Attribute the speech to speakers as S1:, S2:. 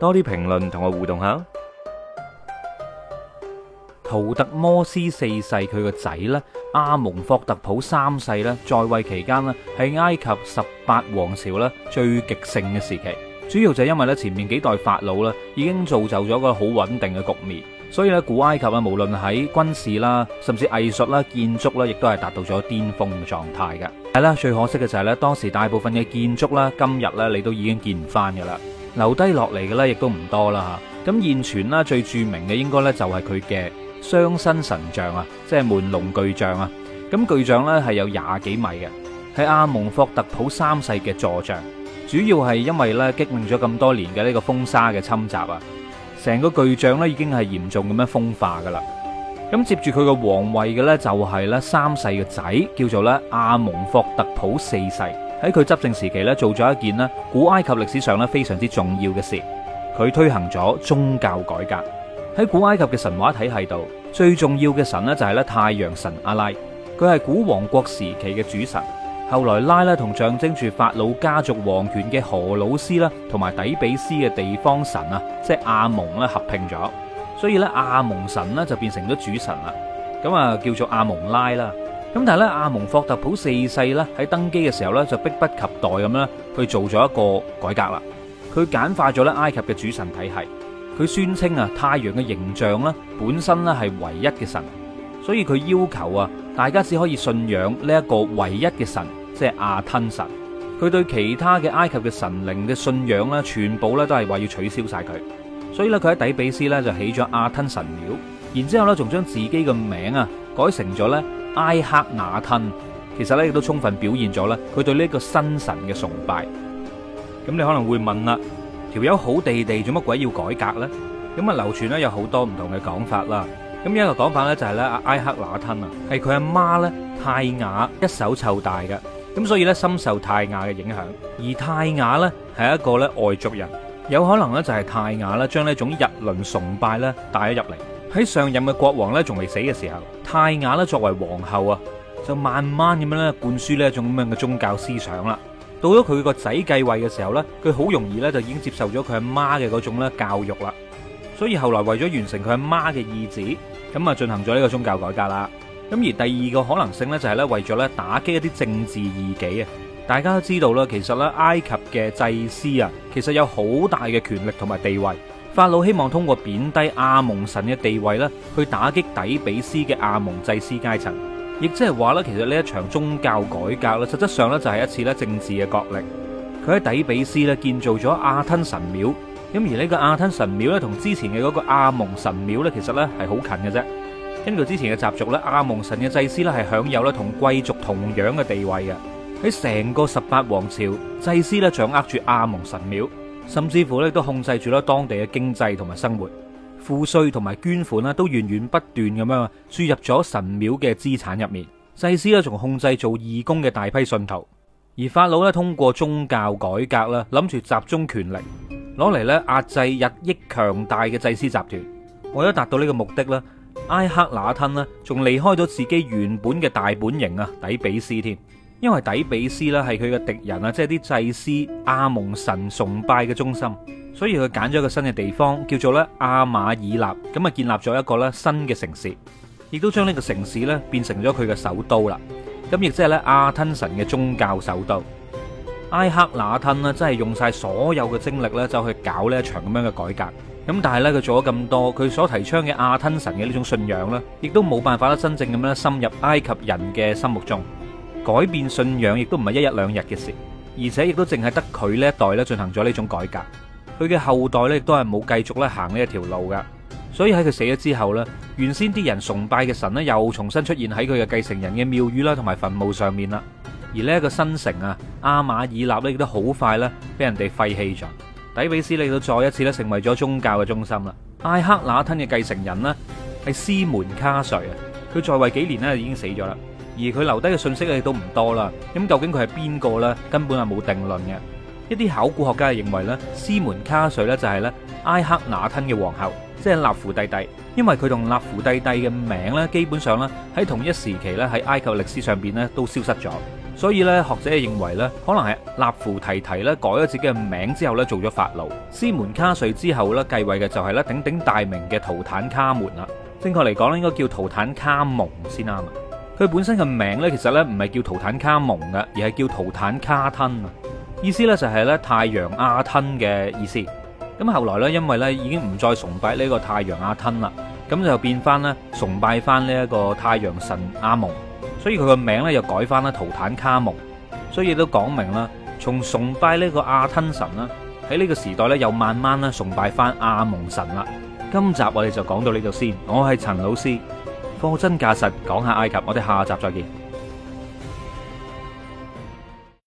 S1: 多啲評論同我互動下。圖特摩斯四世佢個仔呢，阿蒙霍特普三世呢，在位期間呢，係埃及十八王朝呢最極盛嘅時期。主要就係因為呢，前面幾代法老呢已經造就咗一個好穩定嘅局面，所以呢，古埃及啊，無論喺軍事啦，甚至藝術啦、建築啦，亦都係達到咗巔峰嘅狀態噶。係啦，最可惜嘅就係呢，當時大部分嘅建築啦，今日呢，你都已經見唔翻噶啦。留低落嚟嘅咧，亦都唔多啦吓。咁現存啦，最著名嘅應該呢就係佢嘅雙身神像啊，即係門龍巨像啊。咁巨像呢係有廿幾米嘅，係阿蒙霍特普三世嘅座像。主要係因為呢，激命咗咁多年嘅呢個風沙嘅侵襲啊，成個巨像呢已經係嚴重咁樣風化噶啦。咁接住佢個皇位嘅呢，就係呢三世嘅仔，叫做呢阿蒙霍特普四世。喺佢執政時期咧，做咗一件咧古埃及歷史上咧非常之重要嘅事，佢推行咗宗教改革。喺古埃及嘅神話體系度，最重要嘅神咧就係咧太陽神阿拉，佢係古王國時期嘅主神。後來拉咧同象徵住法老家族皇權嘅荷魯斯啦，同埋底比斯嘅地方神啊，即係阿蒙咧合併咗，所以咧阿蒙神咧就變成咗主神啦，咁啊叫做阿蒙拉啦。咁但係咧，阿蒙霍特普四世咧喺登基嘅時候咧，就迫不及待咁呢去做咗一個改革啦。佢簡化咗咧埃及嘅主神體系，佢宣稱啊太陽嘅形象咧本身咧係唯一嘅神，所以佢要求啊大家只可以信仰呢一個唯一嘅神，即係阿吞神。佢對其他嘅埃及嘅神靈嘅信仰咧，全部咧都係話要取消晒佢。所以咧佢喺底比斯咧就起咗阿吞神廟，然之後咧仲將自己嘅名啊改成咗咧。埃克納吞其實咧亦都充分表現咗咧佢對呢個新神嘅崇拜。咁你可能會問啦，條友好地地做乜鬼要改革呢？」咁啊流傳咧有好多唔同嘅講法啦。咁一個講法咧就係咧，埃克納吞啊係佢阿媽咧泰雅一手湊大嘅，咁所以咧深受泰雅嘅影響。而泰雅咧係一個咧外族人，有可能咧就係泰雅咧將呢一種日輪崇拜咧帶咗入嚟。喺上任嘅國王咧仲未死嘅時候。泰雅咧作為皇后啊，就慢慢咁樣咧灌輸呢一種咁樣嘅宗教思想啦。到咗佢個仔繼位嘅時候咧，佢好容易咧就已經接受咗佢阿媽嘅嗰種咧教育啦。所以後來為咗完成佢阿媽嘅意志，咁啊進行咗呢個宗教改革啦。咁而第二個可能性咧就係咧為咗咧打擊一啲政治異己啊。大家都知道啦，其實咧埃及嘅祭司啊，其實有好大嘅權力同埋地位。法老希望通過貶低阿蒙神嘅地位呢，去打擊底比斯嘅阿蒙祭司階層，亦即係話呢，其實呢一場宗教改革呢，實質上呢就係一次呢政治嘅角力。佢喺底比斯呢建造咗阿吞神廟，咁而呢個阿吞神廟呢，同之前嘅嗰個阿蒙神廟呢，其實呢係好近嘅啫。根據之前嘅習俗呢，阿蒙神嘅祭司呢，係享有呢同貴族同樣嘅地位嘅。喺成個十八王朝，祭司呢掌握住阿蒙神廟，甚至乎咧都控制住咗當地嘅經濟同埋生活，賦稅同埋捐款都源源不斷咁樣注入咗神廟嘅資產入面。祭司咧仲控制做義工嘅大批信徒，而法老咧通過宗教改革諗住集中權力攞嚟咧壓制日益強大嘅祭司集團。為咗達到呢個目的咧，埃克那吞咧仲離開咗自己原本嘅大本營啊，底比斯添。因為底比斯啦係佢嘅敵人啊，即係啲祭司阿蒙神崇拜嘅中心，所以佢揀咗一個新嘅地方叫做咧阿馬爾納，咁啊建立咗一個咧新嘅城市，亦都將呢個城市咧變成咗佢嘅首都啦。咁亦即係咧阿吞神嘅宗教首都。埃克那吞啦，真係用晒所有嘅精力咧就去搞呢一場咁樣嘅改革。咁但係咧佢做咗咁多，佢所提倡嘅阿吞神嘅呢種信仰咧，亦都冇辦法咧真正咁樣深入埃及人嘅心目中。改變信仰亦都唔係一日兩日嘅事，而且亦都淨係得佢呢一代咧進行咗呢種改革，佢嘅後代咧亦都係冇繼續咧行呢一條路噶。所以喺佢死咗之後，原先啲人崇拜嘅神又重新出現喺佢嘅繼承人嘅廟宇啦同埋墳墓上面啦。而呢一個新城啊，阿瑪爾納呢亦都好快呢俾人哋廢棄咗。底比斯呢都再一次咧成為咗宗教嘅中心啦。艾克那吞嘅繼承人呢，係斯門卡瑞啊，佢在位幾年呢，已經死咗啦。而佢留低嘅信息亦都唔多啦，咁究竟佢係邊個呢？根本係冇定論嘅。一啲考古學家就認為咧，斯門卡瑞咧就係呢埃克那吞嘅皇后，即係納芙蒂蒂。因為佢同納芙蒂蒂嘅名咧，基本上咧喺同一時期咧喺埃及歷史上邊咧都消失咗，所以呢，學者就認為咧可能係納芙提提咧改咗自己嘅名之後咧做咗法老。斯門卡瑞之後咧繼位嘅就係呢鼎鼎大名嘅圖坦卡門啦，正確嚟講咧應該叫圖坦卡蒙先啱。佢本身嘅名咧，其實咧唔係叫圖坦卡蒙嘅，而係叫圖坦卡吞啊。意思咧就係咧太陽阿吞嘅意思。咁後來咧，因為咧已經唔再崇拜呢個太陽阿吞啦，咁就變翻咧崇拜翻呢一個太陽神阿蒙，所以佢個名咧又改翻咧圖坦卡蒙。所以都講明啦，從崇拜呢個阿吞神啦，喺呢個時代咧又慢慢咧崇拜翻阿蒙神啦。今集我哋就講到呢度先，我係陳老師。貨真價實，講下埃及，我哋下集再見。